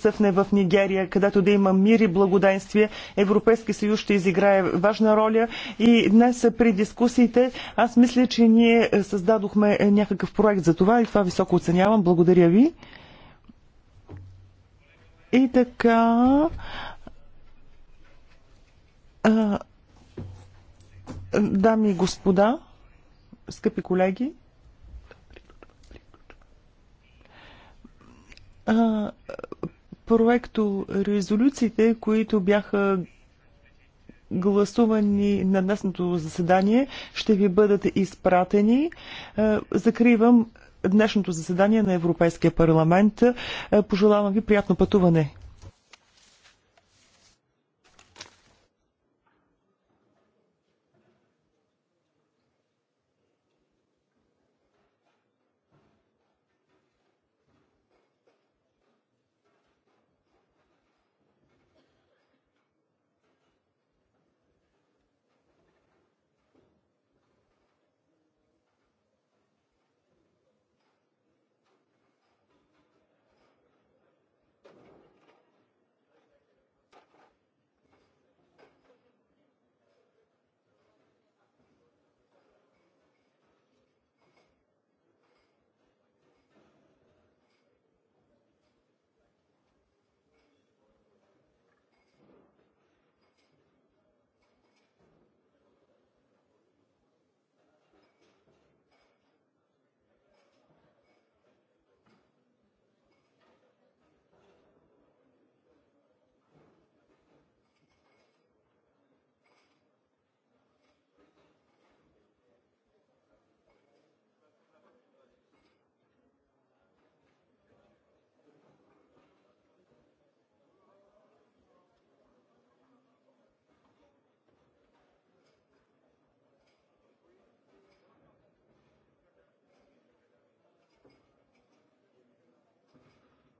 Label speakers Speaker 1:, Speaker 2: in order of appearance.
Speaker 1: цъфне в Нигерия, където да има мир и благоденствие. Европейски съюз ще изиграе важна роля и днес при дискусиите аз мисля, че ние създадохме някакъв проект за това и това високо оценявам. Благодаря ви. И така... Дами и господа, скъпи колеги, а, проекто резолюциите, които бяха гласувани на днесното заседание, ще ви бъдат изпратени. Е, закривам днешното заседание на Европейския парламент. Е, пожелавам ви приятно пътуване.